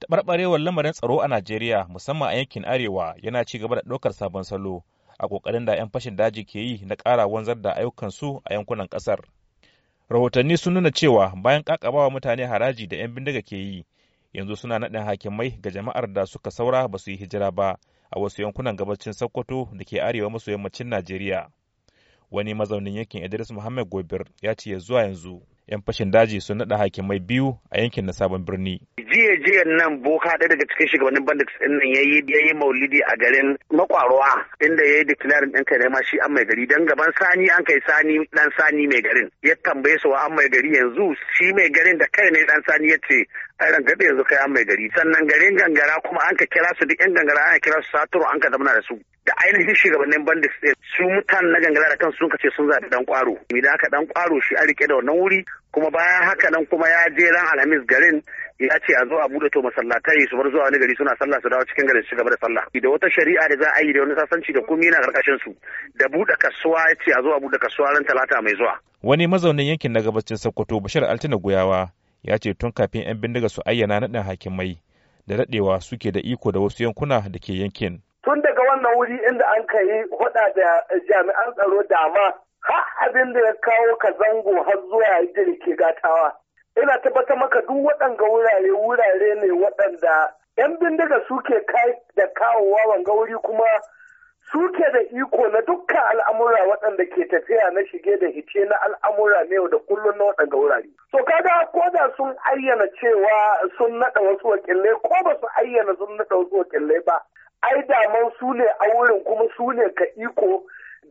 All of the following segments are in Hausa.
taɓarɓarewar lamarin tsaro a Najeriya musamman a yankin Arewa yana ci gaba da ɗaukar sabon salo a ƙoƙarin da 'yan fashin daji ke yi na ƙara wanzar da ayyukansu a yankunan ƙasar. Rahotanni sun nuna cewa bayan ƙaƙabawa mutane haraji da 'yan bindiga ke yi yanzu suna naɗin hakimai ga jama'ar da suka saura ba su yi hijira ba a wasu yankunan gabacin Sokoto da ke arewa maso yammacin Najeriya. Wani mazaunin yankin Idris Muhammad Gobir ya ce zuwa yanzu 'yan fashin daji sun naɗa hakimai biyu a yankin na sabon birni. jiya jiya nan boka ɗaya daga cikin shugabannin bandits ɗin nan ya yi maulidi a garin makwaruwa inda ya yi declaring ɗin kai ma shi an mai gari dan gaban sani an kai sani ɗan sani mai garin ya tambaye su wa an mai gari yanzu shi mai garin da kai ne dan sani ya ce irin gaɗe yanzu kai an mai gari sannan garin gangara kuma an ka kira su duk yan gangara ana kira su saturo an ka zamana da su da ainihin shugabannin bandit su mutanen na gangara da kansu sun kace sun zaɓi dan kwaro idan aka dan kwaro shi a rike da wannan wuri kuma bayan haka nan kuma ya je ran alhamis garin ya ce a zo a bude to masallatai su bar zuwa wani gari suna sallah su dawo cikin garin su gaba da sallah da wata shari'a da za a yi da wani sasanci da kuma yana karkashin su da bude kasuwa ya ce a zo a bude kasuwa ran talata mai zuwa wani mazaunin yankin na gabacin sokoto bashir altina guyawa ya ce tun kafin 'yan bindiga su ayyana naɗin hakimai da daɗewa suke da iko da wasu yankuna da ke yankin. Tun daga wannan wuri inda an ka yi hada da jami'an tsaro dama har abin da ya kawo ka zango har zuwa da ke gatawa. Ina tabbatar maka duk waɗanga wurare wurare ne waɗanda 'yan bindiga suke kai da kawowa wanga wuri kuma suke da iko na dukkan al'amura waɗanda ke tafiya na shige da hice na al'amura ne da kullum na waɗanda wurare. So kaga ko da sun ayyana cewa sun naɗa wasu wakilai ko ba su ayyana sun naɗa wasu wakilai ba. Ai daman su ne a wurin kuma su ne ka iko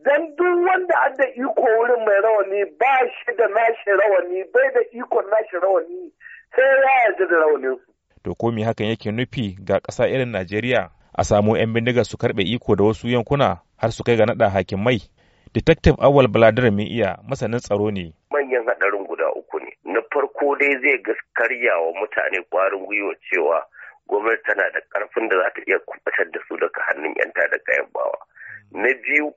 dan duk wanda an da iko wurin mai rawani ba shi da nashi rawani bai da ikon nashi rawani sai ya yarda da rawaninsu. To ko hakan yake nufi ga ƙasa irin Najeriya? a samo 'yan bindigar su karɓe iko da wasu yankuna har su kai ga naɗa hakimai. Detective Awal Baladir mai iya masanin tsaro ne. Manyan haɗarin guda uku ne. Na farko dai zai gaskarya wa mutane kwarin gwiwa cewa gwamnati tana da ƙarfin da za ta iya kubatar da su daga hannun 'yan da kayan bawa. Na biyu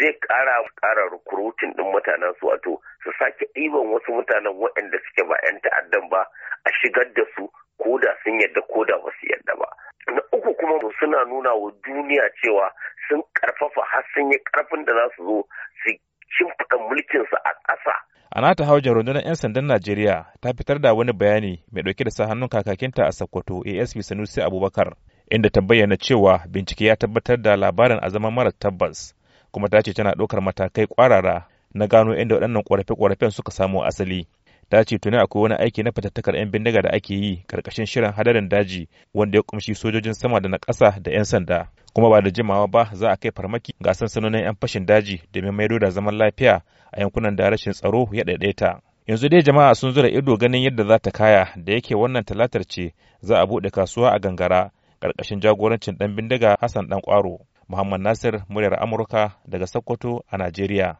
zai ƙara kara rukurutin ɗin mutanen su wato su sake ɗiban wasu mutanen waɗanda suke ba 'yan ta'addan ba a shigar da su ko da sun yadda ko da ba su yadda ba. na uku kuma suna nuna wa duniya cewa sun karfafa har sun yi karfin da za su zo su shimfiɗa mulkinsu a ƙasa. A nata haujar rundunar 'yan sandan Najeriya ta fitar da wani bayani mai ɗauke da sa hannun kakakinta a Sokoto ASP Sanusi Abubakar inda ta bayyana cewa bincike ya tabbatar da labarin a zaman mara tabbas kuma ta ce tana ɗaukar matakai kwarara na gano inda waɗannan ƙorafe-ƙorafen suka samo asali. ta ce tuni akwai wani aiki na fatattakar 'yan bindiga da ake yi karkashin shirin hadarin daji wanda ya kumshi sojojin sama da na ƙasa da 'yan sanda kuma ba da jimawa ba za a kai farmaki ga sansanonin 'yan fashin daji domin maido da zaman lafiya a yankunan da rashin tsaro ya ɗaiɗaita. yanzu dai jama'a sun zura ido ganin yadda za ta kaya da yake wannan talatar ce za a buɗe kasuwa a gangara ƙarƙashin jagorancin ɗan bindiga hassan ɗan kwaro muhammad nasir muryar amurka daga sokoto a najeriya